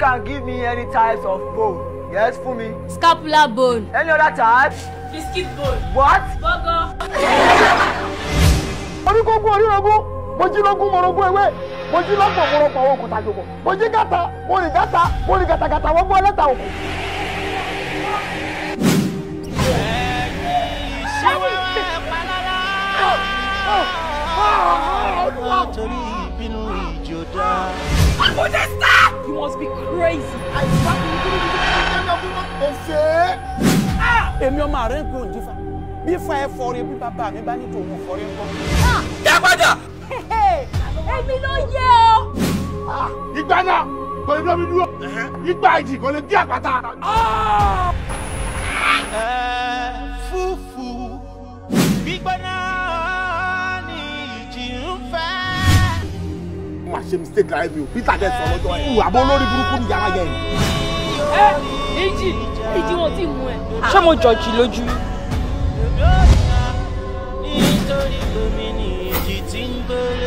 can give me any types of bone. Yes, fún mi. Scapular bone. Any other type? Biscuit bone. What? Burger. Oríkógún orírógún, mo jí lógún morogún ewé, mo jí lọ́pọ̀ morọ́pọ̀ àwọn òkúta jòkó, mo jí gàtà, mo rìn gàtà, mo rìn gàtàgàtà wọ́n gbọ́ ẹlẹ́ta òkú. Torí ìbínú ìjò dá. Àbújá stop! You must be calm crazy. àìsàn kúrú ní ìjọba kúrú ọ̀fẹ́. èmi ọmọ rẹ ń kúrò nífa bí fa ẹ fọre bí bàbá mi bá ní tòun fọre ń bọ. dá padà. èmi ló yẹ ọ. Ah, ìgbà náà kò lè dọ́ mi dúró ìgbà ìdì kò lè dí àpáta. Ah! mo máa ṣe mistake lára mi ò peter dẹ sọ lọ́jọ́ yẹn ìwà bó lórí burúkú ni yàrá yẹn. ẹ ìjì ìjì wọn ti mú ẹ. ṣé mo jọ̀jì lójú. nítorí gómìnà ìjì ti ń gbèrè.